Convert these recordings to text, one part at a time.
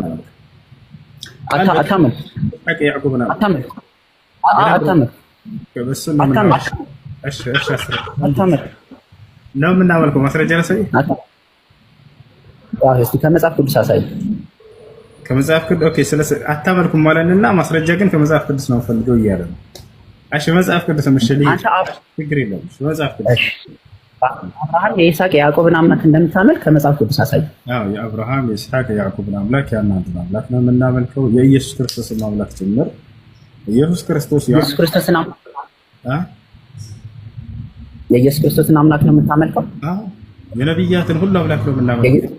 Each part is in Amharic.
ነው የምናመልከው። ማስረጃ ላሳይ። እስኪ ከመጽሐፍ ቅዱስ አሳይ። ከመጽሐፍ ቅዱስ ኦኬ። ስለ አታመልኩም ማስረጃ ግን ከመጽሐፍ ቅዱስ ነው ፈልገው እያለ ነው። እሺ መጽሐፍ ቅዱስ ምሽል ችግር የለም። መጽሐፍ ቅዱስ አብርሃም የይስሐቅ የያዕቆብን አምላክ እንደምታመልክ ከመጽሐፍ ቅዱስ አሳይ። የአብርሃም የይስሐቅ የያዕቆብን አምላክ ያናንትን አምላክ ነው የምናመልከው፣ የኢየሱስ ክርስቶስን አምላክ ጭምር። ኢየሱስ ክርስቶስ ኢየሱስ ክርስቶስን የኢየሱስ ክርስቶስን አምላክ ነው የምታመልከው። የነቢያትን ሁሉ አምላክ ነው የምናመልከው።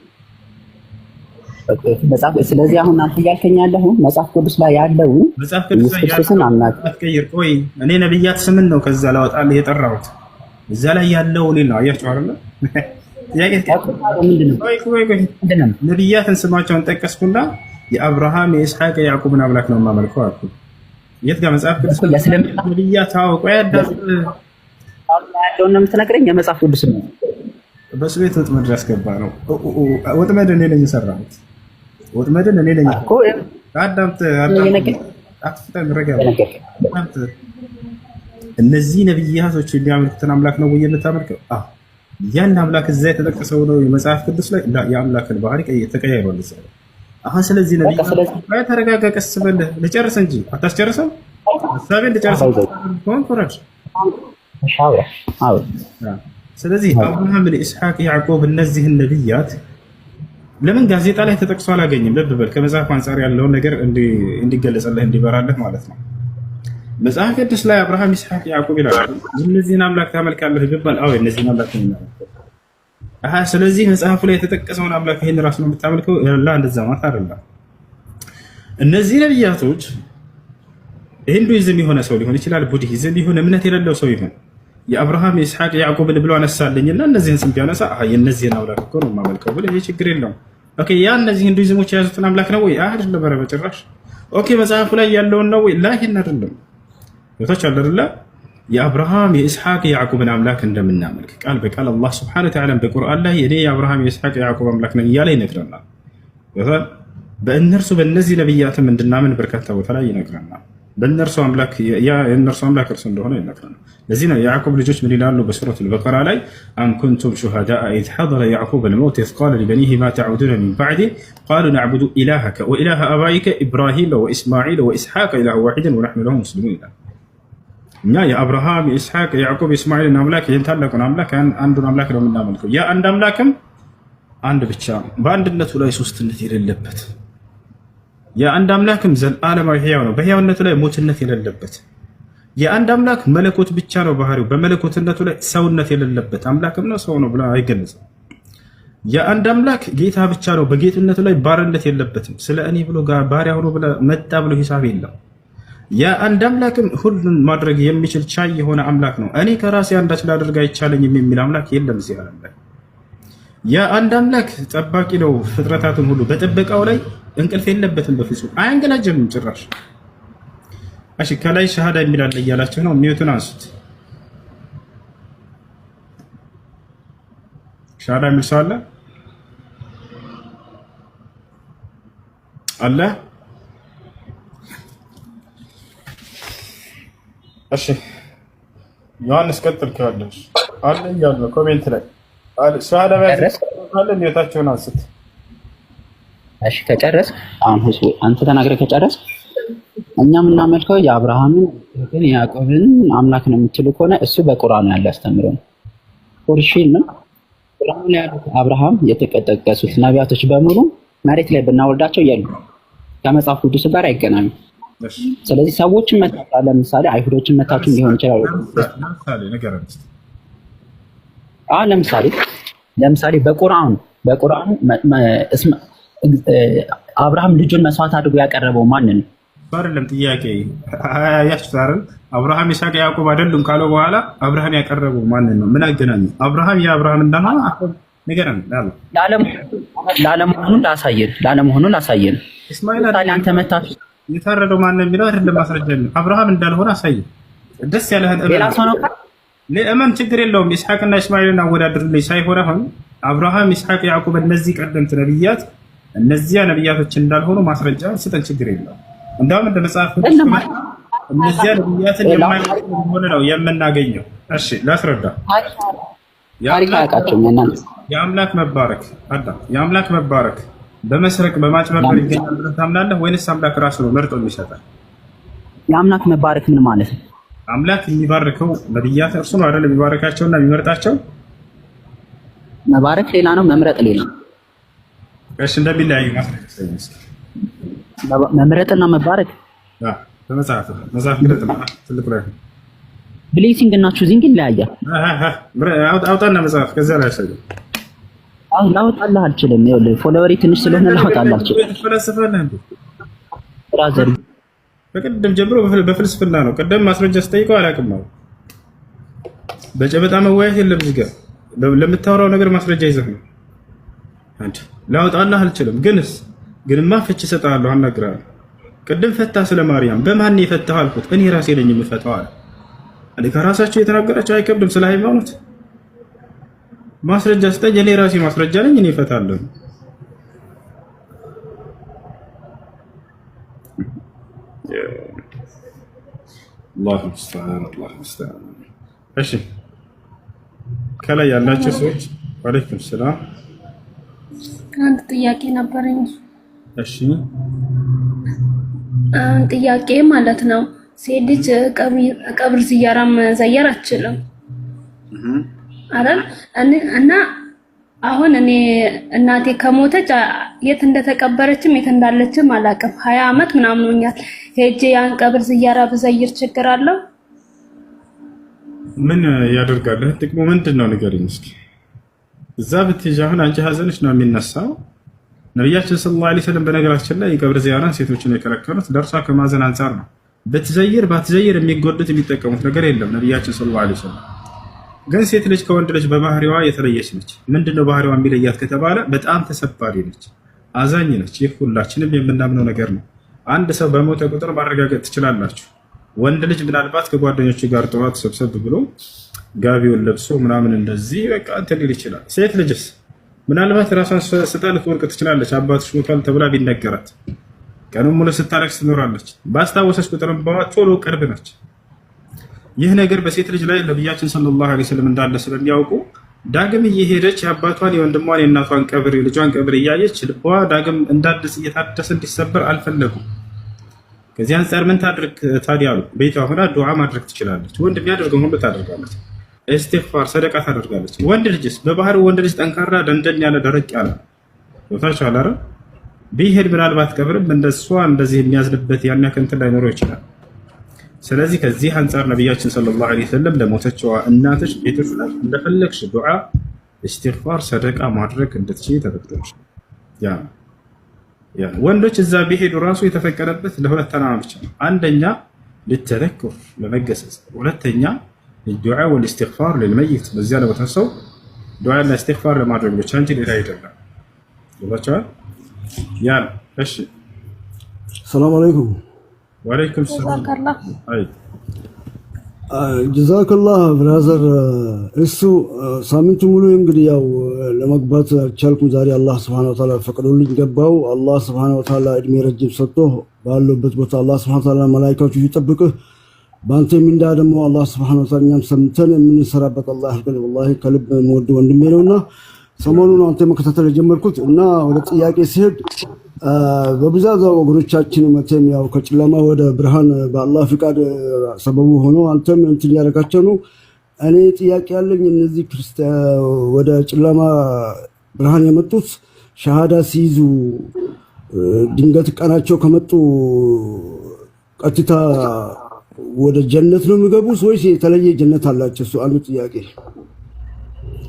ስለዚህ አሁን አንተ እያልከኝ ያለሁ መጽሐፍ ቅዱስ ላይ ያለው ኢየሱስ ክርስቶስን አምላክ። ቆይ እኔ ነቢያት ስምን ነው ከዛ ላወጣልህ የጠራሁት እዛ ላይ ያለው ሌላ ነው። አያችሁ አይደለ? ነቢያትን ስማቸውን ጠቀስኩና የአብርሃም የኢስሐቅ የያዕቁብን አምላክ ነው የማመልከው አልኩ። የት ጋር መጽሐፍ ቅዱስ ነቢያት አውቆ ያለውን ነው የምትነግረኝ? የመጽሐፍ ቅዱስ ነው። በሱ ቤት ወጥመድ ያስገባ ነው። ወጥመድ እኔ ነኝ የሰራሁት። ወጥመድን እኔ ነኝ አዳምጥ፣ አዳምጥ፣ አትፍጠን፣ ረጋ እነዚህ ነቢያቶች የሚያመልኩትን አምላክ ነው ወይ የምታመልከው? ያን አምላክ እዛ የተጠቀሰው ነው የመጽሐፍ ቅዱስ ላይ የአምላክን ባህሪ ተቀያይሯል። አሁን ስለዚህ ነቢይ ተረጋጋ፣ ቀስ በልህ ልጨርስ እንጂ አታስጨርሰው። ሀሳቤን ልጨርሰው ከሆን ስለዚህ አብርሃም፣ ኢስሐቅ፣ ያዕቆብ እነዚህን ነብያት ለምን ጋዜጣ ላይ ተጠቅሶ አላገኝም? ልብ በል ከመጽሐፍ አንጻር ያለውን ነገር እንዲገለጸልህ እንዲበራለህ ማለት ነው መጽሐፍ ቅዱስ ላይ አብርሃም፣ ይስሐቅ፣ ያዕቆብ ይላሉ እነዚህን አምላክ ታመልካለህ ቢባል አዎ እነዚህን አምላክ ነው። ስለዚህ መጽሐፉ ላይ የተጠቀሰውን አምላክ ይሄን ራሱ ነው የምታመልከው ላ እንደዛ ማለት አይደለም። እነዚህ ነቢያቶች ሂንዱይዝም የሆነ ሰው ሊሆን ይችላል፣ ቡድሂዝም ይሁን እምነት የሌለው ሰው ይሁን የአብርሃም የይስሐቅ ያዕቆብን ብሎ አነሳለኝና እነዚህን ስም ቢያነሳ የእነዚህን አምላክ እኮ ነው የማመልከው ብለህ ይህ ችግር የለውም። ኦኬ ያ እነዚህ ሂንዱይዝሞች የያዙትን አምላክ ነው ወይ? አይደለም፣ ኧረ በጭራሽ። ኦኬ መጽሐፉ ላይ ያለውን ነው ወይ? ላይ አይደለም ቦታች አለ የአብርሃም የኢስሐቅ የያዕቁብን አምላክ እንደምናመልክ ቃል በቃል አላህ ስብሐነ ወተዓላ በቁርአን ላይ እኔ የአብርሃም የኢስሐቅ የያዕቁብ አምላክ ነኝ እያለ ይነግረናል። በእነርሱ በእነዚህ ነቢያትም እንድናምን በርካታ ቦታ ላይ ይነግረናል። በእነርሱ አምላክ እርሱ እንደሆነ ይነግረናል። ለዚህ ነው የያዕቁብ ልጆች ምን ይላሉ? በሱረቱል በቀራ ላይ አም ኩንቱም ሹሃዳአ ኢዝ ሐደረ ያዕቁብ አልመውት ኢዝ ቃለ ሊበኒሂ ማ ተዕቡዱነ ሚን ባዕዲ ቃሉ ነዕቡዱ ኢላሀከ ወኢላሀ አባይከ ኢብራሂመ ወኢስማዒል ወኢስሐቀ ኢላሀን ዋሒደን ወነሕኑ ለሁ ሙስሊሙን ይላል። እኛ የአብርሃም የኢስሐቅ የያዕቆብ የእስማኤልን አምላክ ይህን ታላቁን አምላክ አንዱን አምላክ ነው የምናመልከው። ያ አንድ አምላክም አንድ ብቻ ነው፣ በአንድነቱ ላይ ሶስትነት የሌለበት። የአንድ አምላክም ዘለዓለማዊ ሕያው ነው፣ በሕያውነቱ ላይ ሞትነት የሌለበት። የአንድ አምላክ መለኮት ብቻ ነው ባህሪው፣ በመለኮትነቱ ላይ ሰውነት የሌለበት አምላክም ነው። ሰው ነው ብለ አይገለጽም። የአንድ አምላክ ጌታ ብቻ ነው፣ በጌትነቱ ላይ ባርነት የለበትም። ስለ እኔ ብሎ ባሪያ ሆኖ መጣ ብሎ ሂሳብ የለም። የአንድ አምላክም ሁሉን ማድረግ የሚችል ቻይ የሆነ አምላክ ነው። እኔ ከራሴ አንዳች ላደርግ አይቻለኝም የሚል አምላክ የለም እዚህ ዓለም ላይ። የአንድ አምላክ ጠባቂ ነው ፍጥረታትን ሁሉ በጥበቃው ላይ እንቅልፍ የለበትም፣ በፍጹም አያንገላጀምም ጭራሽ። እሺ ከላይ ሸሃዳ የሚላለ እያላቸው ነው። ኒውቶን አንሱት። ሸሃዳ የሚል ሰው አለ አለ እሺ ዮሐንስ ቀጥል። ከዋለሽ አለ ያለው ኮሜንት ላይ ሰሃዳ ባያለ የታቸውን አንስት። እሺ ከጨረስ አሁን ህዝቡ አንተ ተናግረህ ከጨረስ እኛ የምናመልከው የአብርሃምን ግን የያዕቆብን አምላክ ነው የምትሉ ከሆነ እሱ በቁርአን ያለ አስተምሮ ነው። ነው ቁርአን ያሉት አብርሃም የተቀጠቀሱት ነቢያቶች በሙሉ መሬት ላይ ብናወርዳቸው የሉ ከመጽሐፍ ቅዱስ ጋር አይገናኙ ስለዚህ ሰዎችን መታታ ለምሳሌ አይሁዶችን መታቱን ሊሆን ይችላል። ለምሳሌ ለምሳሌ በቁርአን በቁርአን አብርሃም ልጁን መስዋዕት አድርጎ ያቀረበው ማን ነው? አይደለም ጥያቄ ያስታርን አብርሃም ይስሐቅ ያዕቆብ አይደሉም ካለው በኋላ አብርሃም ያቀረበው ማንን ነው? ምን አገናኘ? አብርሃም የአብርሃም እንደማ ንገረን። ላለመሆኑን ላሳየን ላለመሆኑን ላሳየን። እስማኤል አንተ መታቱ የታረደው ማን ነው የሚለው አይደለም፣ ማስረጃ ነው። አብርሃም እንዳልሆነ አሳየ። ደስ ያለህን እመን፣ ችግር የለውም። ይስሐቅና እስማኤልን አወዳድርልኝ ሳይሆን አሁን አብርሃም፣ ይስሐቅ፣ ያዕቁብ እነዚህ ቀደምት ነብያት እነዚያ ነብያቶች እንዳልሆኑ ማስረጃ ስጠን፣ ችግር የለው እንዳውም እንደ መጽሐፍ እነዚያ ነቢያትን የማይሆን ሆነ ነው የምናገኘው። እሺ ላስረዳ። የአምላክ መባረክ አዳ የአምላክ መባረክ በመስረቅ በማጭበርበር ይገኛል ብለህ ታምናለህ ወይንስ አምላክ ራሱ ነው መርጦ የሚሰጣል? የአምላክ መባረክ ምን ማለት ነው? አምላክ የሚባርከው ነብያት እርሱ ነው አይደል የሚባረካቸው እና የሚመርጣቸው። መባረክ ሌላ ነው፣ መምረጥ ሌላ ነው። እሺ እንደሚለያዩ መምረጥና መባረክ በመጽሐፍ መጽሐፍ ምረጥ ትልቁ ላይ ብሌሲንግ እና ቹዚንግ ይለያያል። አውጣና መጽሐፍ ከዚያ ላይ ያሳያል አሁን ላወጣልህ አልችልም። ይኸውልህ ፎሎወሪ ትንሽ ስለሆነ ላወጣልህ አልችልም። ብራዘር በቅድም ጀምሮ በፍልስፍና ነው። ቅድም ማስረጃ ስጠይቀው አላውቅም በጨበጣ መወያየት የለም። እዚህ ጋር ለምታወራው ነገር ማስረጃ ይዘህ ነው። አንተ ላወጣልህ አልችልም። ግንስ ግንማ ፍቺ እሰጥሃለሁ፣ አናግርሃለሁ። ቅድም ፈታ ስለ ማርያም በማን የፈታህ አልኩት። እኔ ራሴ ነኝ የምፈታው አለ። ከራሳቸው የተናገራቸው አይከብድም ስለ ሃይማኖት ማስረጃ ስጠኝ፣ እኔ ራሴ ማስረጃ ነኝ፣ እኔ እፈታለሁ። እሺ ከላይ ያላቸው ሰዎች ሰላም። አንድ ጥያቄ ነበረኝ። እሺ ጥያቄ ማለት ነው ሴት ልጅ ቀብር ዝያራም መዘየር አችልም። አይደል? እና አሁን እኔ እናቴ ከሞተች የት እንደተቀበረችም የት እንዳለችም አላውቅም። ሀያ አመት ምናምን ሆኛል። ሄጄ ያን ቀብር ዝያራ ብዘይር ችግር አለው? ምን ያደርጋለህ? ጥቅሙ ምንድን ነው ንገሪኝ እስኪ። እዛ ብትሄጂ አሁን አንቺ ሀዘንሽ ነው የሚነሳው። ነቢያችን ሰለላሁ ዐለይሂ ወሰለም በነገራችን ላይ የቀብር ዚያራ ሴቶችን የከለከሉት ደርሷ ከማዘን አንጻር ነው። ብትዘይር ባትዘይር የሚጎዱት የሚጠቀሙት ነገር የለም ነቢያችን ሰለላሁ ዐለይሂ ወሰለም ግን ሴት ልጅ ከወንድ ልጅ በባህሪዋ የተለየች ነች። ምንድነው ባህሪዋ የሚለያት ከተባለ በጣም ተሰባሪ ነች፣ አዛኝ ነች። ይህ ሁላችንም የምናምነው ነገር ነው። አንድ ሰው በሞተ ቁጥር ማረጋገጥ ትችላላችሁ። ወንድ ልጅ ምናልባት ከጓደኞቹ ጋር ጠዋት ሰብሰብ ብሎ ጋቢውን ለብሶ ምናምን እንደዚህ በቃ እንትን ሊል ይችላል። ሴት ልጅስ ምናልባት ራሷን ስጠል ትወርቅ ትችላለች። አባትሽ ሞቷል ተብላ ቢነገራት ቀኑን ሙሉ ስታለቅስ ትኖራለች። ባስታወሰች ቁጥር ቶሎ ቅርብ ነች። ይህ ነገር በሴት ልጅ ላይ ነቢያችን ሰለላሁ ዐለይሂ ወሰለም እንዳለ ስለሚያውቁ ዳግም እየሄደች የአባቷን የወንድሟን የእናቷን ቀብር የልጇን ቀብር እያየች ልቧ ዳግም እንዳዲስ እየታደሰ እንዲሰበር አልፈለጉም። ከዚህ አንጻር ምን ታድርግ ታዲያ አሉ። ቤቷ ሆና ዱዓ ማድረግ ትችላለች። ወንድ የሚያደርገውን ሁሉ ታደርጋለች። እስትግፋር፣ ሰደቃ ታደርጋለች። ወንድ ልጅስ በባህሪው ወንድ ልጅ ጠንካራ፣ ደንደን ያለ ደረቅ ያለ ቦታቸው አላረ ቢሄድ ምናልባት ቀብርም እንደሷ እንደዚህ የሚያዝንበት ያን ያክል እንትን ላይኖረው ይችላል። ስለዚህ ከዚህ አንጻር ነቢያችን ሰለላሁ ዐለይሂ ወሰለም ለሞተችዋ እናትሽ ቤትሽ ላይ እንደፈለግሽ ዱዓ፣ እስትግፋር፣ ሰደቃ ማድረግ እንድትችይ ተፈቅዶች። ወንዶች እዛ ቢሄዱ ራሱ የተፈቀደበት ለሁለት ዓላማ ብቻ ነው። አንደኛ ልተዘኩር ለመገሰጽ፣ ሁለተኛ ዱዓ ወልእስትግፋር ልልመይት፣ በዚያ ለሞተ ሰው ዱዓና እስትግፋር ለማድረግ ብቻ እንጂ ሌላ አይደለም። ይባቸዋል ያ እሺ፣ ሰላም አለይኩም ወአለይኩም ሰላም ጀዛከላህ ብራዘር። እሱ ሳምንቱ ሙሉ እንግዲህ ያው ለመግባት አልቻልኩም። ዛሬ አላህ ስብሐነ ወተዓላ ፈቅዶልኝ ገባው። አላህ ስብሐነ ወተዓላ እድሜ ረጅም ሰጥቶ ባለበት ቦታ አላህ ስብሐነ ወተዓላ መላኢካዎቹ ይጠብቅህ። በአንተ የሚንዳ ደግሞ አላህ ስብሐነ ወተዓላ እኛም ሰምተን የምንሰራበት አላህ ወላሂ ከልብ የምወድ ወንድሜ ነውና ሰሞኑን አንተ መከታተል የጀመርኩት እና ወደ ጥያቄ ሲሄድ በብዛት ወገኖቻችን መቼም ያው ከጨለማ ወደ ብርሃን በአላህ ፍቃድ ሰበቡ ሆኖ አንተም እንትን እያደረጋቸው ነው። እኔ ጥያቄ ያለኝ እነዚህ ወደ ጨለማ ብርሃን የመጡት ሻሃዳ ሲይዙ ድንገት ቀናቸው ከመጡ ቀጥታ ወደ ጀነት ነው የሚገቡት ወይስ የተለየ ጀነት አላቸው? እሱ አንዱ ጥያቄ።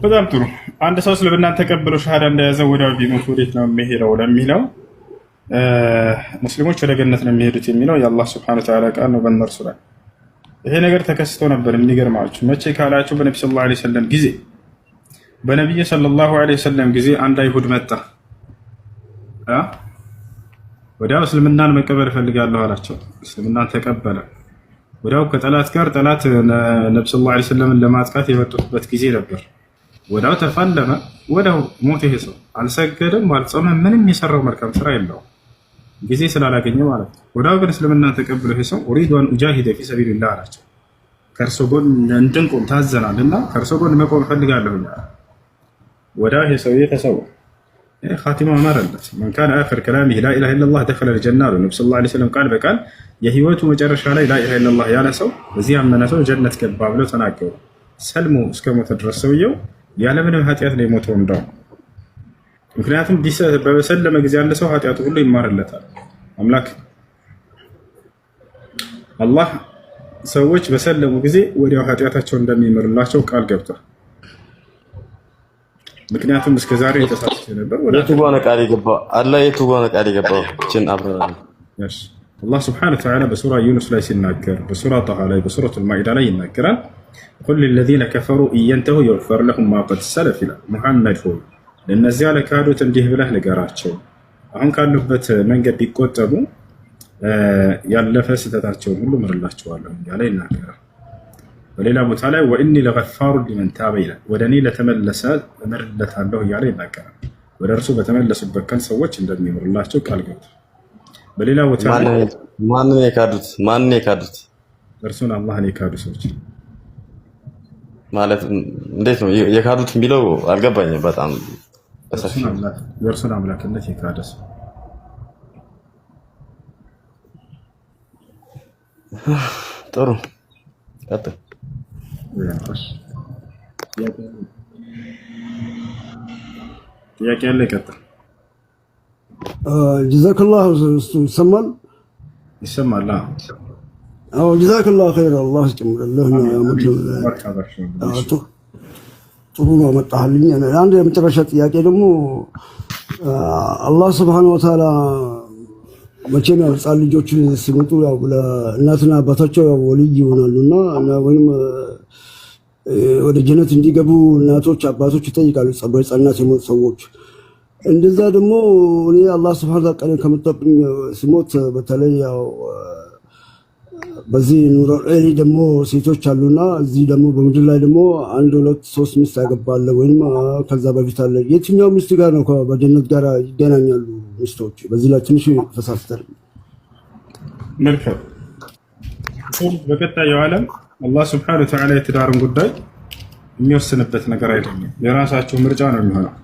በጣም ጥሩ። አንድ ሰው እስልምናን ተቀብሎ ሻሃዳ እንደያዘ ወዲያው ቢሞት ወዴት ነው የሚሄደው ለሚለው ሙስሊሞች ወደ ገነት ነው የሚሄዱት የሚለው የአላህ ስብሐነ ወተዓላ ቃል ነው በእነርሱ ላይ። ይሄ ነገር ተከስቶ ነበር። የሚገርማችሁ መቼ ካላችሁ በነቢ ስ ላ ሰለም ጊዜ በነቢዩ ሰለላሁ ዐለይሂ ወሰለም ጊዜ አንድ አይሁድ መጣ። ወዲያው እስልምናን መቀበል እፈልጋለሁ አላቸው። እስልምናን ተቀበለ። ወዲያው ከጠላት ጋር ጠላት ነቢ ስ ላ ሰለምን ለማጥቃት የመጡበት ጊዜ ነበር። ወዲያው ተፋለመ። ወዲያው ሞት። ይሄ ሰው አልሰገደም፣ አልጾመም፣ ምንም የሰራው መልካም ስራ የለውም። ጊዜ ስላላገኘ ማለት ነው። ወደ ሀገር እስልምና ተቀብለ ሰው ኡሪዷን ኡጃሂደ ፊ ሰቢልላ አላቸው። ከእርሶ ጎን እንድንቆም ታዘናል እና ከእርሶ ጎን መቆም ፈልጋለሁ። ወዳ ሰውዬ ተሰው ኻቲማ ማረለት መንካን አክር ከላሚ ላኢላ ለላ ደኸለ ልጀና አሉ ነብ ላ ስለም ቃል በቃል የህይወቱ መጨረሻ ላይ ላኢላ ለላ ያለ ሰው እዚህ ያመነ ሰው ጀነት ገባ ብለው ተናገሩ። ሰልሞ እስከ ሞተ ድረስ ሰውየው ያለምንም ኃጢአት ላይ ሞተው እንደው ምክንያቱም በበሰለመ ጊዜ ያለ ሰው ኃጢአቱ ሁሉ ይማርለታል። አምላክ አላህ ሰዎች በሰለሙ ጊዜ ወዲያው ኃጢአታቸው እንደሚምርላቸው ቃል ገብቷል። ምክንያቱም እስከ ዛሬ የተሳሳተ ነበር። አላህ የቱ ወተዓላ በሱራ ዩኑስ ላይ ሲናገር፣ በሱራ ጣሃ ላይ፣ በሱረቱ ልማኢዳ ላይ ይናገራል። ቁል ከፈሩ ኢየንተሁ ለሁም ሰለፍ ይላል። ሙሐመድ ሆይ ለነዚያ ለካዱት እንዲህ ብለህ ንገራቸው፣ አሁን ካሉበት መንገድ ቢቆጠቡ ያለፈ ስህተታቸውን ሁሉ ምርላቸዋለሁ እያለ ይናገራል። በሌላ ቦታ ላይ ወኢኒ ለገፋሩ ሊመን ታበ ይላል። ወደ እኔ ለተመለሰ እምርለታለሁ እያለ ይናገራል። ወደ እርሱ በተመለሱበት ቀን ሰዎች እንደሚምርላቸው ቃል ገብቷል። በሌላ ቦታ ማንን የካዱት ማንን የካዱት እርሱን አላህን የካዱ ሰዎች ማለት እንዴት ነው የካዱት የሚለው አልገባኝም በጣም የእርሱን አምላክ የእርሱን አምላክነት የካደ ሰው ጥሩ ቀጥል። ጥያቄ ያለ ይቀጥል። ጀዛከላህ ይሰማል ይሰማል። አዎ ጀዛከላህ ኸይር አላህ ይጨምርልህ። ጥሩ ነው መጣልኝ። አንድ የመጨረሻ ጥያቄ ደግሞ አላህ ስብሐነ ወተዓላ መቼም ያው ህፃን ልጆች ሲመጡ ያው ለእናትና አባታቸው ያው ወልይ ይሆናሉና ወይም ወደ ጀነት እንዲገቡ እናቶች አባቶች ይጠይቃሉ፣ በህፃንነት የሞቱ ሰዎች። እንደዛ ደግሞ እኔ አላህ ስብሐነ ወተዓላ ቀኔን ከመጣብኝ ሲሞት በተለይ ያው በዚህ ኑሮ እኔ ደግሞ ሴቶች አሉና እዚህ ደግሞ በምድር ላይ ደግሞ አንድ ሁለት ሶስት ሚስት ያገባለ ወይም ከዛ በፊት አለ። የትኛው ሚስት ጋር ነው በጀነት ጋር ይገናኛሉ ሚስቶች? በዚህ ላይ ትንሽ ተሳስተን መልካም። በቀጣዩ ዓለም አላህ ስብሐነ ወተዓላ የትዳርን ጉዳይ የሚወስንበት ነገር አይደለም። የራሳችሁ ምርጫ ነው የሚሆነው።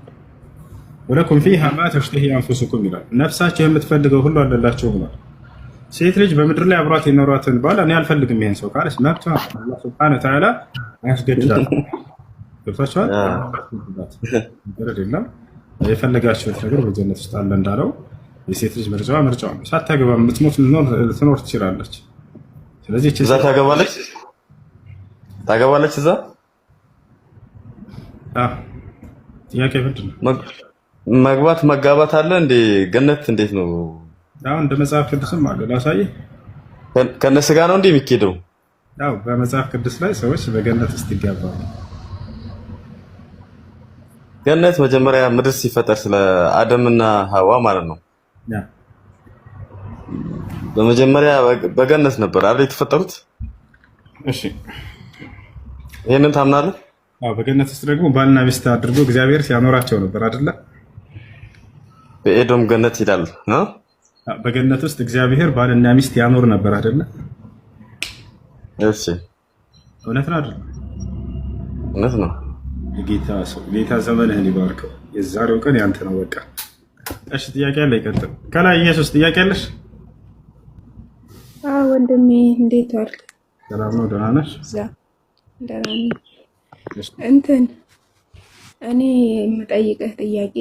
ወለኩም ፊሃ ማ ተሽተሂ አንፉሱኩም ይላል። ነፍሳቸው የምትፈልገው ሁሉ አለላቸው ብሏል። ሴት ልጅ በምድር ላይ አብሯት የኖሯትን ባል እኔ አልፈልግም ይሄን ሰው ካለች መብቷ ስብሃነ ተዓላ አያስገድዳል። ገብታችኋል። የለም የፈለጋችሁት ነገር በጀነት ውስጥ አለ እንዳለው የሴት ልጅ ምርጫዋ ምርጫዋ ነው። ሳታገባ የምትሞት ትኖር ትችላለች። ስለዚህ እዛ ታገባለች ታገባለች እዛ ጥያቄ ምንድን ነው መግባት መጋባት አለ እንዴ? ገነት እንዴት ነው? አሁን እንደ መጽሐፍ ቅዱስም አለ ላሳይ። ከነሱ ጋር ነው እንዴ የሚኬደው? አዎ በመጽሐፍ ቅዱስ ላይ ሰዎች በገነት ውስጥ ይጋባሉ። ገነት መጀመሪያ ምድር ሲፈጠር ስለ አደምና ሐዋ ማለት ነው። በመጀመሪያ በገነት ነበር አይደል የተፈጠሩት? እሺ ይሄንን ታምናለህ? አዎ በገነት ውስጥ ደግሞ ባልና ሚስት አድርጎ እግዚአብሔር ሲያኖራቸው ነበር አይደለ? በኤዶም ገነት ይላል ነው በገነት ውስጥ እግዚአብሔር ባልና ሚስት ያኖር ነበር አይደለ? እሺ እውነት ነው አይደል? እውነት ነው። ጌታ ሰው ጌታ ዘመንህን ይባርከው። የዛሬው ቀን ያንተ ነው። በቃ እሺ፣ ጥያቄ አለ? ይቀጥል። ከላይ ኢየሱስ ጥያቄ አለሽ? አዎ ወንድሜ፣ እንዴት ዋልክ? ሰላም ነው? ደህና ነሽ? ደህና ነኝ። እንትን እኔ የምጠይቀህ ጥያቄ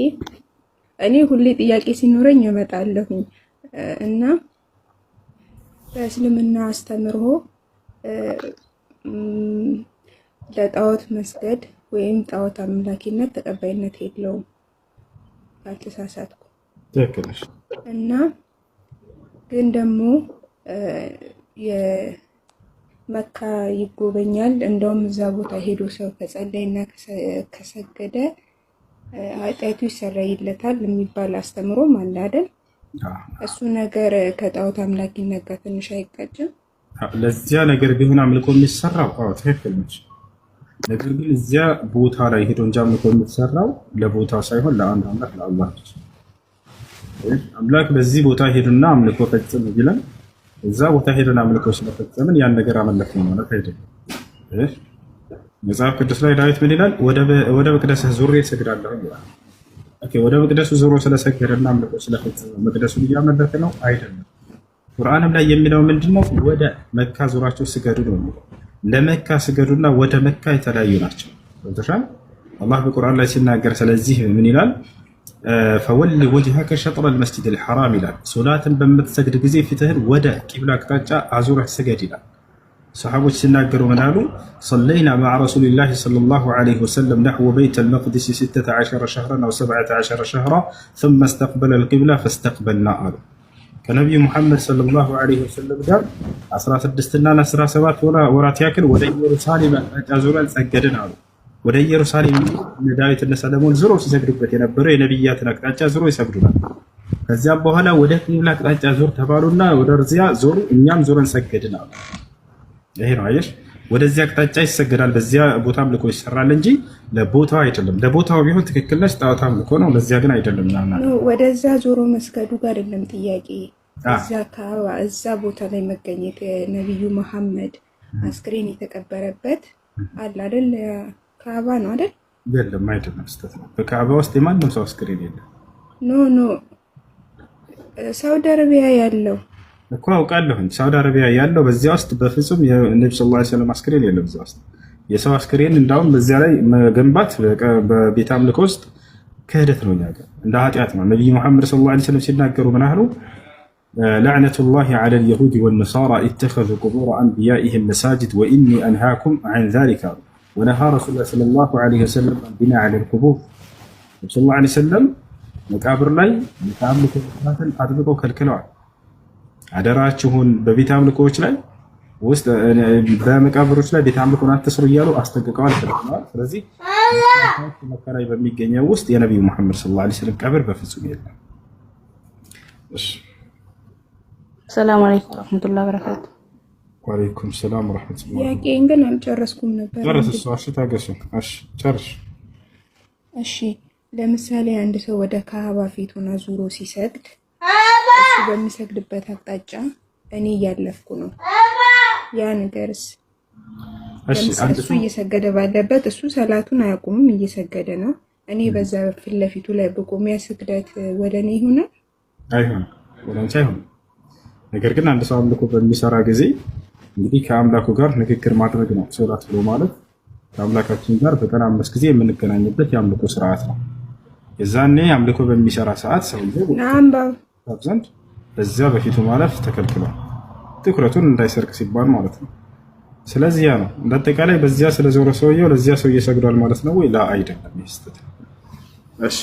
እኔ ሁሌ ጥያቄ ሲኖረኝ እመጣለሁኝ እና በእስልምና አስተምህሮ ለጣዖት መስገድ ወይም ጣዖት አምላኪነት ተቀባይነት የለውም። አልተሳሳትኩ እና ግን ደግሞ የመካ ይጎበኛል። እንደውም እዛ ቦታ ሄዶ ሰው ከጸለይና ከሰገደ ኃጢአቱ ይሰረይለታል የሚባል አስተምሮም አለ አይደል? እሱ ነገር ከጣዖት አምላኪነት ጋር ትንሽ አይጋጭም? ለዚያ ነገር ቢሆን አምልኮ የሚሰራው ትክክል ነች። ነገር ግን እዚያ ቦታ ላይ ሄዶ እንጂ አምልኮ የሚሰራው ለቦታ ሳይሆን ለአንድ አምላክ ለአላህ ነች። አምላክ በዚህ ቦታ ሄዱና አምልኮ ፈጽም ይለን፣ እዛ ቦታ ሄደን አምልኮ ስለፈጸምን ያን ነገር አመለክ ነው ማለት አይደለም። መጽሐፍ ቅዱስ ላይ ዳዊት ምን ይላል? ወደ መቅደስህ ዙሬ እሰግዳለሁ ይላል። ወደ መቅደሱ ዞሮ ስለሰገደና አምልኮ ስለፈጸመ መቅደሱን እያመለከ ነው አይደለም። ቁርአንም ላይ የሚለው ምንድነው? ወደ መካ ዞራቸው ስገዱ ነው የሚለው። ለመካ ስገዱና ወደ መካ የተለያዩ ናቸው። አላህ በቁርአን ላይ ሲናገር ስለዚህ ምን ይላል? ፈወል ወጅሃከ ሸጥረ ልመስጂድ ልሐራም ይላል። ሶላትን በምትሰግድ ጊዜ ፊትህን ወደ ቂብላ አቅጣጫ አዙረህ ስገድ ይላል። ሰሓቦች ሲናገሩ ምናሉ ሰለይና ማዕ ረሱሊላህ ሰለላሁ ዓለይሂ ወሰለም ናሕወ በይት አልመቅዲስ ሲተተ ዓሸረ ሸህረን አው ሰብዓተ ዓሸረ ሸህራ ثመ እስተቅበለ ልቅብላ ፈስተቅበልና አሉ። ከነቢዩ ሙሐመድ ሰለላሁ ዓለይሂ ወሰለም ጋር 16ና 17 ወራት ያክል ወደ ኢየሩሳሌም አቅጣጫ ዙረን ሰገድን አሉ። ወደ ኢየሩሳሌም ዳዊት እነ ሰለሞን ዝሮ ሲሰግዱበት የነበረው የነቢያትን አቅጣጫ ዝሮ ይሰግዱናል። ከዚያም በኋላ ወደ ቅብላ አቅጣጫ ዞር ተባሉና ወደ ርዚያ ዞሩ፣ እኛም ዞረን ሰገድን አሉ። ይሄ ነው አየሽ። ወደዚህ አቅጣጫ ይሰገዳል፣ በዚያ ቦታ አምልኮ ይሰራል እንጂ ለቦታው አይደለም። ለቦታው ቢሆን ትክክል ነች፣ ጣዖት አምልኮ ነው። ለዚያ ግን አይደለም። ወደዛ ዞሮ መስገዱ ጋር አይደለም ጥያቄ። እዛ ቦታ ላይ መገኘት ነቢዩ መሐመድ አስክሬን የተቀበረበት አለ አይደል? ካባ ነው አይደል? የለም፣ አይደለም፣ ስህተት ነው። በካባ ውስጥ የማንም ሰው አስክሬን የለም። ኖ ኖ፣ ሳውዲ አረቢያ ያለው እኮ አውቃለሁኝ ሳውዲ አረቢያ ያለው በዚያ ውስጥ በፍጹም የነቢ ስ ላ ስለም አስክሬን የለም። እዚያ ውስጥ የሰው አስክሬን እንዳውም በዚያ ላይ መገንባት በቤተ አምልኮ ውስጥ ክህደት ነው፣ ያገር እንደ ኃጢአት ነው። ነቢይ ሙሐመድ ስ ላ ስለም ሲናገሩ ምን አሉ? لعنة الله على اليهود والنصارى اتخذوا قبور أنبيائهم مساجد وإني أنهاكم عن ذلك ونهى رسول الله صلى الله عليه وسلم عن بناء على القبور ነቢ ስ ላ ስለም መቃብር ላይ ቤተ አምልኮ አጥብቀው ከልክለዋል። አደራችሁን በቤት አምልኮዎች ላይ ውስጥ በመቃብሮች ላይ ቤት አምልኮን አትስሩ እያሉ አስጠንቅቀዋል፣ ተደርገዋል። ስለዚህ መካ ላይ በሚገኘው ውስጥ የነቢዩ መሐመድ ሰለላሁ ዐለይሂ ወሰለም ቀብር በፍጹም የለም። ሰላም አለይኩም ወራህመቱላሂ ወበረካቱ። ወአለይኩም ሰላም ወራህመቱላሂ። ጥያቄን ግን አልጨረስኩም ነበር። ጨርስ። እሺ ታገሱ። እሺ ጨርስ። እሺ ለምሳሌ አንድ ሰው ወደ ካዕባ ፊቱን አዙሮ ሲሰግድ እሱ በሚሰግድበት አቅጣጫ እኔ እያለፍኩ ነው። ያ ነገርስ እሱ እየሰገደ ባለበት እሱ ሰላቱን አያቁምም፣ እየሰገደ ነው። እኔ በዛ ፊት ለፊቱ ላይ በቆሜ ስግደት ወደ እኔ ይሆናል አይሆን? ነገር ግን አንድ ሰው አምልኮ በሚሰራ ጊዜ እንግዲህ ከአምላኩ ጋር ንግግር ማድረግ ነው። ሰላት ብሎ ማለት ከአምላካችን ጋር በቀን አምስት ጊዜ የምንገናኝበት የአምልኮ ስርዓት ነው። የዛኔ አምልኮ በሚሰራ ሰዓት ሰው ይታሰብ ዘንድ በዚያ በፊቱ ማለፍ ተከልክሏል። ትኩረቱን እንዳይሰርቅ ሲባል ማለት ነው። ስለዚያ ነው አጠቃላይ በዚያ ስለዞረ ሰውየው ለዚያ ሰው ይሰግዳል ማለት ነው ወይ? ላ አይደለም። ይስተት እሺ